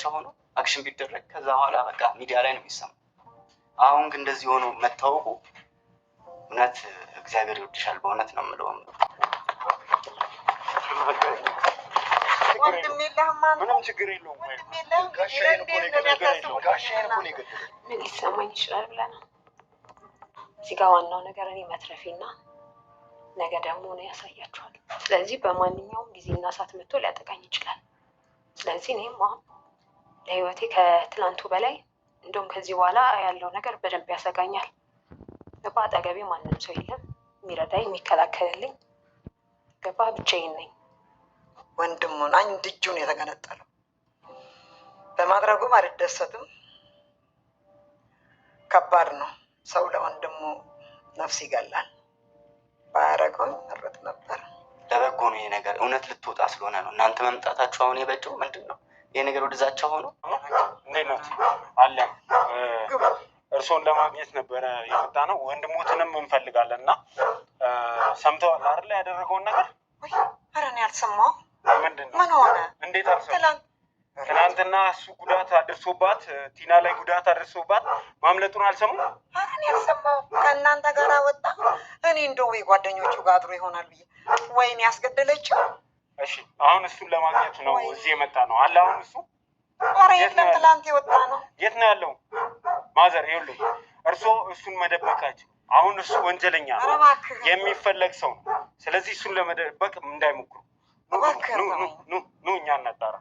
ብቻ ሆኖ አክሽን ቢደረግ ከዛ በኋላ በቃ ሚዲያ ላይ ነው የሚሰማ አሁን ግን እንደዚህ ሆኖ መታወቁ እውነት እግዚአብሔር ይወድሻል። በእውነት ነው የምለው። ምንም ችግር የለውም። ምን ሊሰማኝ ይችላል ብለህ ነው እዚህ ጋር ዋናው ነገር እኔ መትረፌና ነገ ደግሞ ነው ያሳያችኋል። ስለዚህ በማንኛውም ጊዜና ሰዓት መጥቶ ሊያጠቃኝ ይችላል። ስለዚህ እኔም አሁን ለህይወቴ ከትናንቱ በላይ እንደውም ከዚህ በኋላ ያለው ነገር በደንብ ያሰጋኛል። ገባ አጠገቤ ማንም ሰው የለም የሚረዳኝ የሚከላከልልኝ። ገባ ብቻዬን ነኝ። ወንድሙን አንድ እጁን የተገነጠለው በማድረጉም አልደሰትም። ከባድ ነው። ሰው ለወንድሙ ነፍስ ይገላል። ባያረገውም መረጥ ነበር። ለበጎ ነው ይሄ ነገር። እውነት ልትወጣ ስለሆነ ነው እናንተ መምጣታችሁ አሁን የበጀው ምንድን ነው? ይህ ነገር ሆኖ እንዴት አለ። እርስዎን ለማግኘት ነበረ የመጣ ነው። ወንድሞትንም እንፈልጋለን እና ሰምተዋል አይደለ? ያደረገውን ነገር ኧረ ያልሰማው ምንድን ነው ምን ሆነ? እንዴት አልሰማሁም። ትናንትና እሱ ጉዳት አድርሶባት ቲና ላይ ጉዳት አድርሶባት ማምለጡን አልሰሙም። አረን ያልሰማው ከእናንተ ጋር ወጣ። እኔ እንደው ወይ ጓደኞቹ ጋር አድሮ ይሆናል ብዬ ወይኔ ያስገደለችው እሺ አሁን እሱን ለማግኘት ነው እዚህ የመጣ ነው አለ። አሁን እሱ የለም፣ ትላንት የወጣ ነው። የት ነው ያለው? ማዘር ይኸውልህ፣ እርስዎ እሱን መደበቃቸው አሁን እሱ ወንጀለኛ የሚፈለግ ሰው ነው። ስለዚህ እሱን ለመደበቅ እንዳይሞክሩ። ኑ ኑ ኑ፣ እኛ እናጣራ።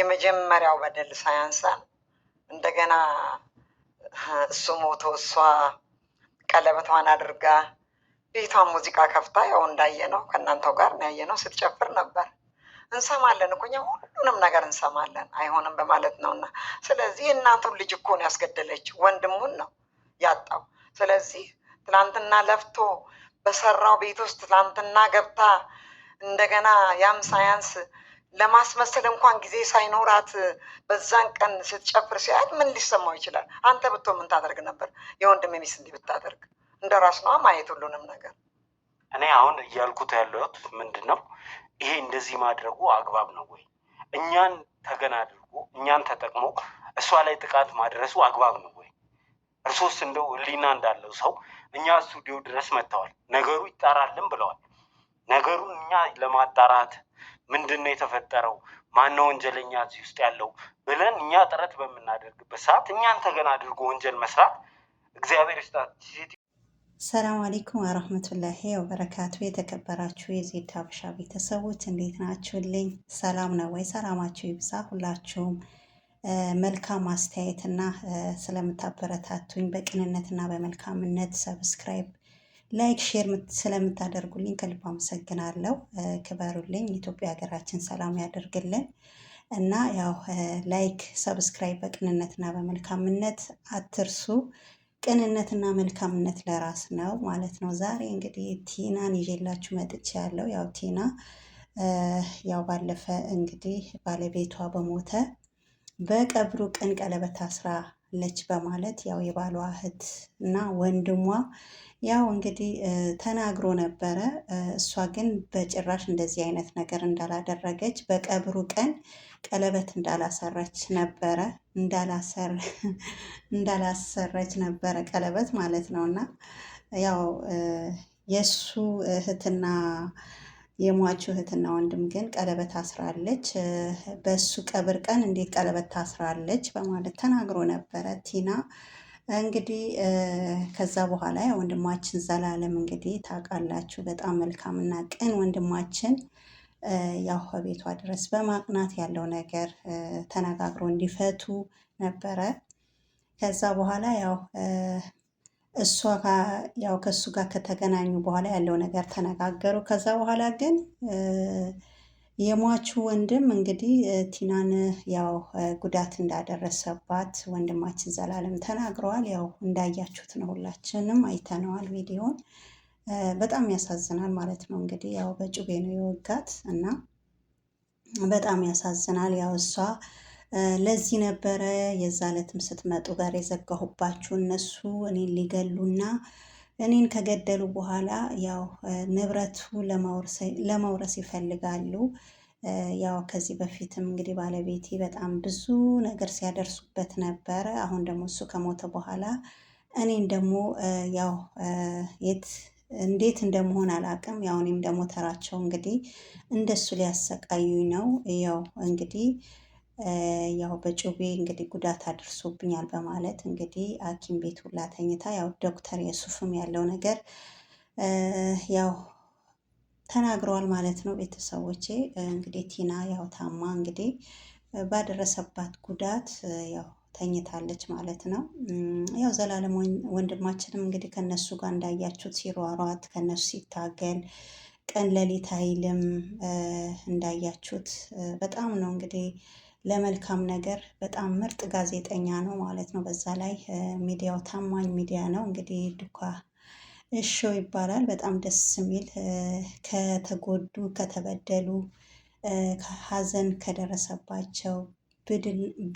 የመጀመሪያው በደል ሳያንሳን እንደገና እሱ ሞቶ እሷ ቀለበቷን አድርጋ ቤቷን ሙዚቃ ከፍታ ያው እንዳየ ነው ከእናንተው ጋር ያየ ነው ስትጨፍር ነበር። እንሰማለን እኮ እኛ ሁሉንም ነገር እንሰማለን። አይሆንም በማለት ነው እና ስለዚህ እናቱን ልጅ እኮ ነው ያስገደለች፣ ወንድሙን ነው ያጣው። ስለዚህ ትላንትና ለፍቶ በሰራው ቤት ውስጥ ትላንትና ገብታ እንደገና ያም ሳያንስ ለማስመሰል እንኳን ጊዜ ሳይኖራት በዛን ቀን ስትጨፍር ሲያት ምን ሊሰማው ይችላል? አንተ ብቶ ምን ታደርግ ነበር? የወንድም ሚስት እንዲህ ብታደርግ እንደ ራስ ነዋ ማየት ሁሉንም ነገር። እኔ አሁን እያልኩት ያለሁት ምንድን ነው፣ ይሄ እንደዚህ ማድረጉ አግባብ ነው ወይ? እኛን ተገና አድርጎ እኛን ተጠቅሞ እሷ ላይ ጥቃት ማድረሱ አግባብ ነው ወይ? እርሶስ እንደው ህሊና እንዳለው ሰው እኛ ስቱዲዮ ድረስ መጥተዋል፣ ነገሩ ይጣራልን ብለዋል። ነገሩን እኛ ለማጣራት ምንድን ነው የተፈጠረው? ማነው ወንጀለኛ እዚህ ውስጥ ያለው ብለን እኛ ጥረት በምናደርግበት ሰዓት እኛን ተገና አድርጎ ወንጀል መስራት እግዚአብሔር ስታት ሰላም አሌይኩም ወረህመቱላሂ ወበረካቱ። የተከበራችሁ የዜድ ሀበሻ ቤተሰቦች እንዴት ናችሁልኝ? ሰላም ነው ወይ? ሰላማችሁ ይብዛ። ሁላችሁም መልካም አስተያየትና ስለምታበረታቱኝ በቅንነትና በመልካምነት ሰብስክራይብ ላይክ ሼር ስለምታደርጉልኝ ከልብ አመሰግናለሁ። ክበሩልኝ። ኢትዮጵያ ሀገራችን ሰላም ያደርግልን እና ያው ላይክ፣ ሰብስክራይብ በቅንነትና በመልካምነት አትርሱ። ቅንነትና መልካምነት ለራስ ነው ማለት ነው። ዛሬ እንግዲህ ቲናን ይዤላችሁ መጥቼ ያለው ያው ቲና ያው ባለፈ እንግዲህ ባለቤቷ በሞተ በቀብሩ ቀን ቀለበት አስራ ነች በማለት ያው የባሏ እህት እና ወንድሟ ያው እንግዲህ ተናግሮ ነበረ። እሷ ግን በጭራሽ እንደዚህ አይነት ነገር እንዳላደረገች በቀብሩ ቀን ቀለበት እንዳላሰረች ነበረ እንዳላሰረች ነበረ ቀለበት ማለት ነው እና ያው የእሱ እህትና የሟቹ እህትና ወንድም ግን ቀለበት ታስራለች፣ በሱ ቀብር ቀን እንዴት ቀለበት ታስራለች በማለት ተናግሮ ነበረ ቲና። እንግዲህ ከዛ በኋላ ወንድማችን ዘላለም እንግዲህ ታውቃላችሁ፣ በጣም መልካምና ቅን ወንድማችን ያው ቤቷ ድረስ በማቅናት ያለው ነገር ተነጋግሮ እንዲፈቱ ነበረ። ከዛ በኋላ ያው እሷ ያው ከእሱ ጋር ከተገናኙ በኋላ ያለው ነገር ተነጋገሩ። ከዛ በኋላ ግን የሟቹ ወንድም እንግዲህ ቲናን ያው ጉዳት እንዳደረሰባት ወንድማችን ዘላለም ተናግረዋል። ያው እንዳያችሁት ነው፣ ሁላችንም አይተነዋል ቪዲዮን። በጣም ያሳዝናል ማለት ነው። እንግዲህ ያው በጩቤ ነው የወጋት እና በጣም ያሳዝናል። ያው እሷ ለዚህ ነበረ የዛ ዕለትም ስትመጡ ጋር የዘጋሁባችሁ እነሱ እኔን ሊገሉና እኔን ከገደሉ በኋላ ያው ንብረቱ ለመውረስ ይፈልጋሉ። ያው ከዚህ በፊትም እንግዲህ ባለቤቴ በጣም ብዙ ነገር ሲያደርሱበት ነበረ። አሁን ደግሞ እሱ ከሞተ በኋላ እኔን ደግሞ ያው የት እንዴት እንደመሆን አላውቅም። ያው እኔም ደግሞ ተራቸው እንግዲህ እንደሱ ሊያሰቃዩኝ ነው። ያው እንግዲህ ያው በጩቤ እንግዲህ ጉዳት አድርሶብኛል በማለት እንግዲህ ሐኪም ቤት ሁላ ተኝታ ያው ዶክተር የሱፍም ያለው ነገር ያው ተናግረዋል ማለት ነው። ቤተሰቦቼ እንግዲህ ቲና ያው ታማ እንግዲህ ባደረሰባት ጉዳት ያው ተኝታለች ማለት ነው። ያው ዘላለም ወንድማችንም እንግዲህ ከነሱ ጋር እንዳያችሁት ሲሯሯት ከነሱ ሲታገል ቀን ለሊት አይልም እንዳያችሁት በጣም ነው እንግዲህ ለመልካም ነገር በጣም ምርጥ ጋዜጠኛ ነው ማለት ነው። በዛ ላይ ሚዲያው ታማኝ ሚዲያ ነው። እንግዲህ ዱካ እሾ ይባላል። በጣም ደስ የሚል ከተጎዱ ከተበደሉ ሀዘን ከደረሰባቸው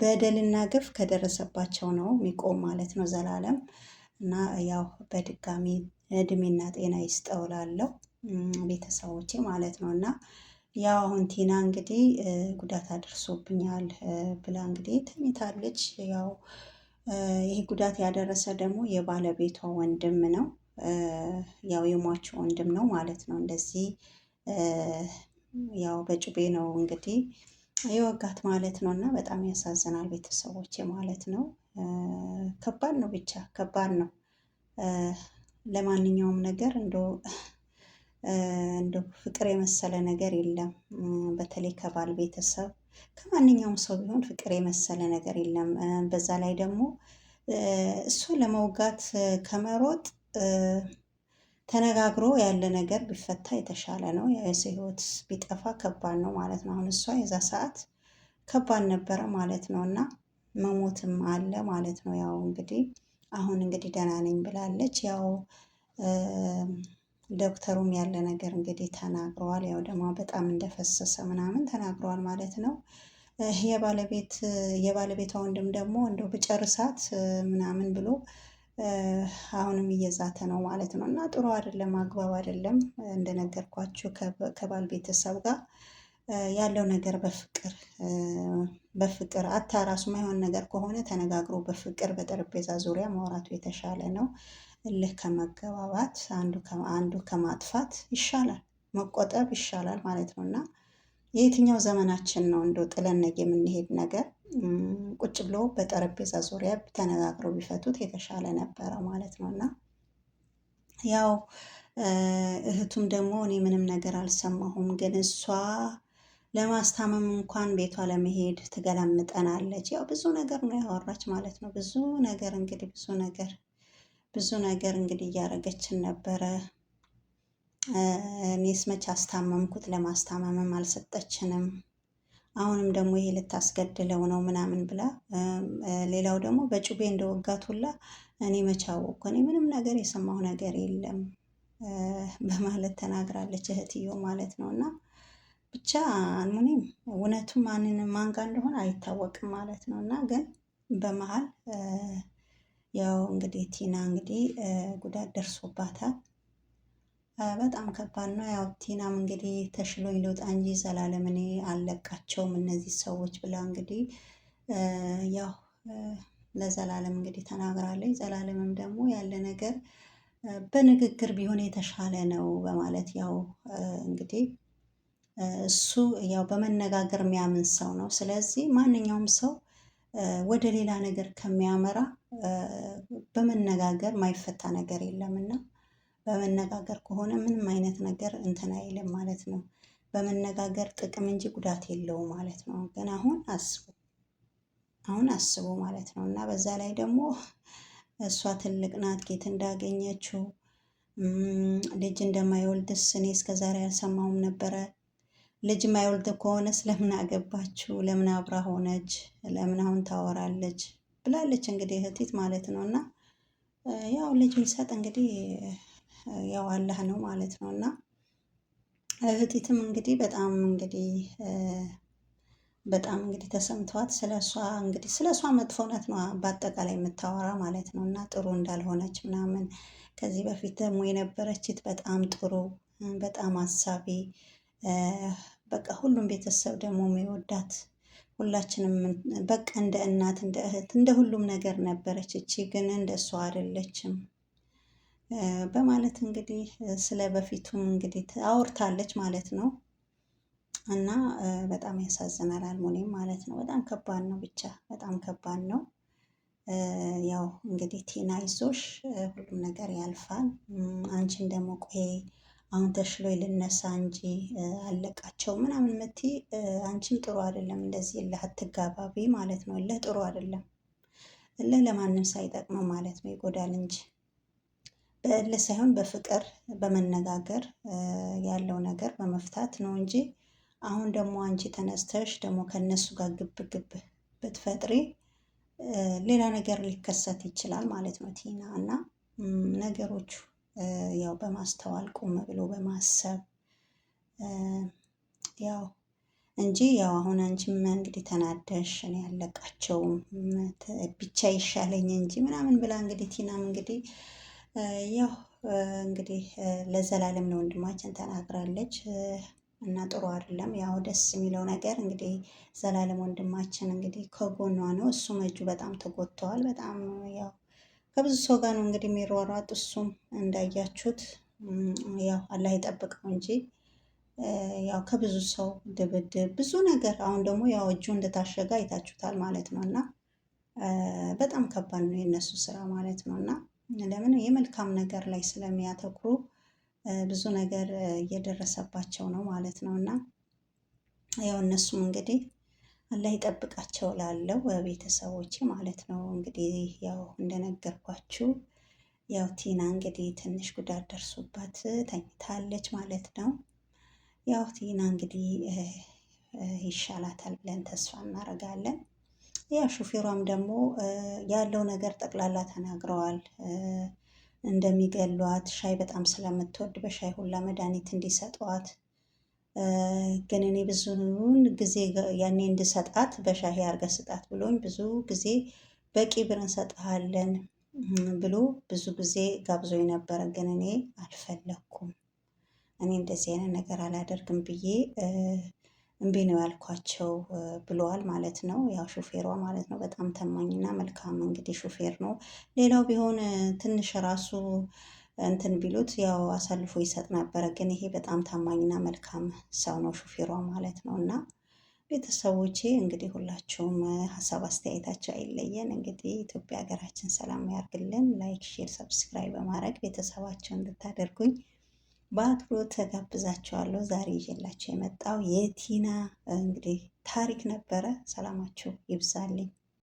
በደልና ግፍ ከደረሰባቸው ነው የሚቆም ማለት ነው ዘላለም እና ያው በድጋሚ እድሜና ጤና ይስጠውላለው ቤተሰቦቼ ማለት ነው እና ያው አሁን ቲና እንግዲህ ጉዳት አድርሶብኛል ብላ እንግዲህ ተኝታለች። ያው ይህ ጉዳት ያደረሰ ደግሞ የባለቤቷ ወንድም ነው፣ ያው የሟቹ ወንድም ነው ማለት ነው። እንደዚህ ያው በጩቤ ነው እንግዲህ የወጋት ማለት ነው። እና በጣም ያሳዝናል ቤተሰቦች ማለት ነው። ከባድ ነው፣ ብቻ ከባድ ነው። ለማንኛውም ነገር እንደ እንደው ፍቅር የመሰለ ነገር የለም። በተለይ ከባል ቤተሰብ፣ ከማንኛውም ሰው ቢሆን ፍቅር የመሰለ ነገር የለም። በዛ ላይ ደግሞ እሱ ለመውጋት ከመሮጥ ተነጋግሮ ያለ ነገር ቢፈታ የተሻለ ነው። የሰው ሕይወት ቢጠፋ ከባድ ነው ማለት ነው። አሁን እሷ የዛ ሰዓት ከባድ ነበረ ማለት ነው እና መሞትም አለ ማለት ነው። ያው እንግዲህ አሁን እንግዲህ ደህና ነኝ ብላለች ያው ዶክተሩም ያለ ነገር እንግዲህ ተናግረዋል። ያው ደግሞ በጣም እንደፈሰሰ ምናምን ተናግረዋል ማለት ነው። የባለቤት የባለቤቷ ወንድም ደግሞ እንደው ብጨርሳት ምናምን ብሎ አሁንም እየዛተ ነው ማለት ነው። እና ጥሩ አይደለም፣ አግባብ አይደለም። እንደነገርኳችሁ ከባል ቤተሰብ ጋር ያለው ነገር በፍቅር በፍቅር አታራሱ ማይሆን ነገር ከሆነ ተነጋግሮ በፍቅር በጠረጴዛ ዙሪያ ማውራቱ የተሻለ ነው። እልህ ከመገባባት አንዱ ከማጥፋት ይሻላል መቆጠብ ይሻላል ማለት ነው እና የየትኛው ዘመናችን ነው እንደ ጥለነግ የምንሄድ ነገር ቁጭ ብሎ በጠረጴዛ ዙሪያ ተነጋግረው ቢፈቱት የተሻለ ነበረ ማለት ነው እና ያው እህቱም ደግሞ እኔ ምንም ነገር አልሰማሁም፣ ግን እሷ ለማስታመም እንኳን ቤቷ ለመሄድ ትገላምጠናለች። ያው ብዙ ነገር ነው ያወራች ማለት ነው። ብዙ ነገር እንግዲህ ብዙ ነገር ብዙ ነገር እንግዲህ እያደረገችን ነበረ። እኔስ መቼ አስታመምኩት? ለማስታመምም አልሰጠችንም። አሁንም ደግሞ ይሄ ልታስገድለው ነው ምናምን ብላ፣ ሌላው ደግሞ በጩቤ እንደወጋት ሁላ እኔ መቼ አወቅኩ? እኔ ምንም ነገር የሰማሁ ነገር የለም በማለት ተናግራለች፣ እህትዮ ማለት ነው። እና ብቻ ሙኒም እውነቱ ማንን ማንጋ እንደሆነ አይታወቅም ማለት ነው። እና ግን በመሀል ያው እንግዲህ ቲና እንግዲህ ጉዳት ደርሶባታል። በጣም ከባድ ነው። ያው ቲናም እንግዲህ ተሽሎኝ ልውጣ እንጂ ዘላለም እኔ አልለቃቸውም እነዚህ ሰዎች ብላ እንግዲህ ያው ለዘላለም እንግዲህ ተናግራለች። ዘላለምም ደግሞ ያለ ነገር በንግግር ቢሆን የተሻለ ነው በማለት ያው እንግዲህ እሱ ያው በመነጋገር የሚያምን ሰው ነው። ስለዚህ ማንኛውም ሰው ወደ ሌላ ነገር ከሚያመራ በመነጋገር ማይፈታ ነገር የለም እና በመነጋገር ከሆነ ምንም አይነት ነገር እንትን አይልም ማለት ነው። በመነጋገር ጥቅም እንጂ ጉዳት የለውም ማለት ነው። ግን አሁን አስቡ አሁን አስቡ ማለት ነው እና በዛ ላይ ደግሞ እሷ ትልቅ ናት፣ ጌት እንዳገኘችው ልጅ እንደማይወልድስ እኔ እስከዛሬ አልሰማውም ነበረ። ልጅ ማይወልድ ከሆነ ስለምን አገባችሁ፣ ለምን አብራ ሆነች፣ ለምን አሁን ታወራለች ብላለች። እንግዲህ እህቲት ማለት ነው እና ያው ልጅ ሚሰጥ እንግዲህ ያው አላህ ነው ማለት ነው እና እህቲትም እንግዲህ በጣም እንግዲህ በጣም እንግዲህ ተሰምተዋት ስለሷ እንግዲህ ስለሷ መጥፎነት ነው በአጠቃላይ የምታወራ ማለት ነው እና ጥሩ እንዳልሆነች ምናምን ከዚህ በፊት ደግሞ የነበረችት በጣም ጥሩ በጣም አሳቢ በቃ ሁሉም ቤተሰብ ደግሞ የሚወዳት ሁላችንም በቃ እንደ እናት እንደ እህት እንደ ሁሉም ነገር ነበረች። እቺ ግን እንደ እሷ አይደለችም በማለት እንግዲህ ስለ በፊቱም እንግዲህ አውርታለች ማለት ነው። እና በጣም ያሳዝናል። አልሙኒም ማለት ነው በጣም ከባድ ነው። ብቻ በጣም ከባድ ነው። ያው እንግዲህ ቴና ይዞሽ ሁሉም ነገር ያልፋል። አንቺን ደግሞ ቆይ አሁን ተሽሎ ልነሳ እንጂ አለቃቸው ምናምን ምቲ አንቺም ጥሩ አይደለም። እንደዚህ እልህ አትጋባቢ ማለት ነው። እልህ ጥሩ አይደለም። እልህ ለማንም ሳይጠቅመው ማለት ነው ይጎዳል እንጂ በእልህ ሳይሆን በፍቅር በመነጋገር ያለው ነገር በመፍታት ነው እንጂ አሁን ደግሞ አንቺ ተነስተሽ ደግሞ ከነሱ ጋር ግብ ግብ ብትፈጥሪ ሌላ ነገር ሊከሰት ይችላል ማለት ነው ቲና እና ነገሮቹ ያው በማስተዋል ቆም ብሎ በማሰብ ያው እንጂ ያው አሁን አንቺም እንግዲህ ተናደሽ እኔ አለቃቸውም ብቻ ይሻለኝ እንጂ ምናምን ብላ እንግዲህ ቲናም እንግዲህ ያው እንግዲህ ለዘላለም ነው ተናግራለች እና ጥሩ አይደለም። ያው ደስ የሚለው ነገር እንግዲህ ዘላለም ወንድማችን እንግዲህ ከጎኗ ነው። እሱም እጁ በጣም ተጎድተዋል። በጣም ያው ከብዙ ሰው ጋር ነው እንግዲህ የሚሯሯጥ። እሱም እንዳያችሁት ያው አላህ ይጠብቀው እንጂ ያው ከብዙ ሰው ድብድብ፣ ብዙ ነገር። አሁን ደግሞ ያው እጁ እንደታሸገ አይታችሁታል ማለት ነው። እና በጣም ከባድ ነው የእነሱ ስራ ማለት ነው። እና ለምን የመልካም ነገር ላይ ስለሚያተኩሩ ብዙ ነገር እየደረሰባቸው ነው ማለት ነው። እና ያው እነሱም እንግዲህ አላህ ይጠብቃቸው ላለው ቤተሰቦች ማለት ነው። እንግዲህ ያው እንደነገርኳችሁ ያው ቲና እንግዲህ ትንሽ ጉዳት ደርሶባት ተኝታለች ማለት ነው። ያው ቲና እንግዲህ ይሻላታል ብለን ተስፋ እናደርጋለን። ያ ሹፌሯም ደግሞ ያለው ነገር ጠቅላላ ተናግረዋል። እንደሚገሏት ሻይ በጣም ስለምትወድ በሻይ ሁላ መድኃኒት እንዲሰጧት ግን እኔ ብዙውን ጊዜ ያኔ እንድሰጣት በሻሂ አርገ ስጣት ብሎኝ ብዙ ጊዜ በቂ ብር እንሰጥሃለን ብሎ ብዙ ጊዜ ጋብዞኝ ነበረ። ግን እኔ አልፈለኩም። እኔ እንደዚህ አይነት ነገር አላደርግም ብዬ እምቢ ነው ያልኳቸው ብለዋል ማለት ነው። ያው ሹፌሯ ማለት ነው። በጣም ተማኝና መልካም እንግዲህ ሹፌር ነው። ሌላው ቢሆን ትንሽ ራሱ እንትን ቢሉት ያው አሳልፎ ይሰጥ ነበረ። ግን ይሄ በጣም ታማኝና መልካም ሰው ነው ሹፌሯ ማለት ነው። እና ቤተሰቦቼ እንግዲህ ሁላችሁም ሀሳብ አስተያየታቸው አይለየን። እንግዲህ ኢትዮጵያ ሀገራችን ሰላም ያርግልን። ላይክ፣ ሼር፣ ሰብስክራይብ በማድረግ ቤተሰባቸው እንድታደርጉኝ በአክብሮት ተጋብዛቸዋለሁ። ዛሬ ይዤላቸው የመጣው የቲና እንግዲህ ታሪክ ነበረ። ሰላማችሁ ይብዛልኝ።